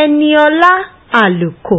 Ẹniọlá Àlùkò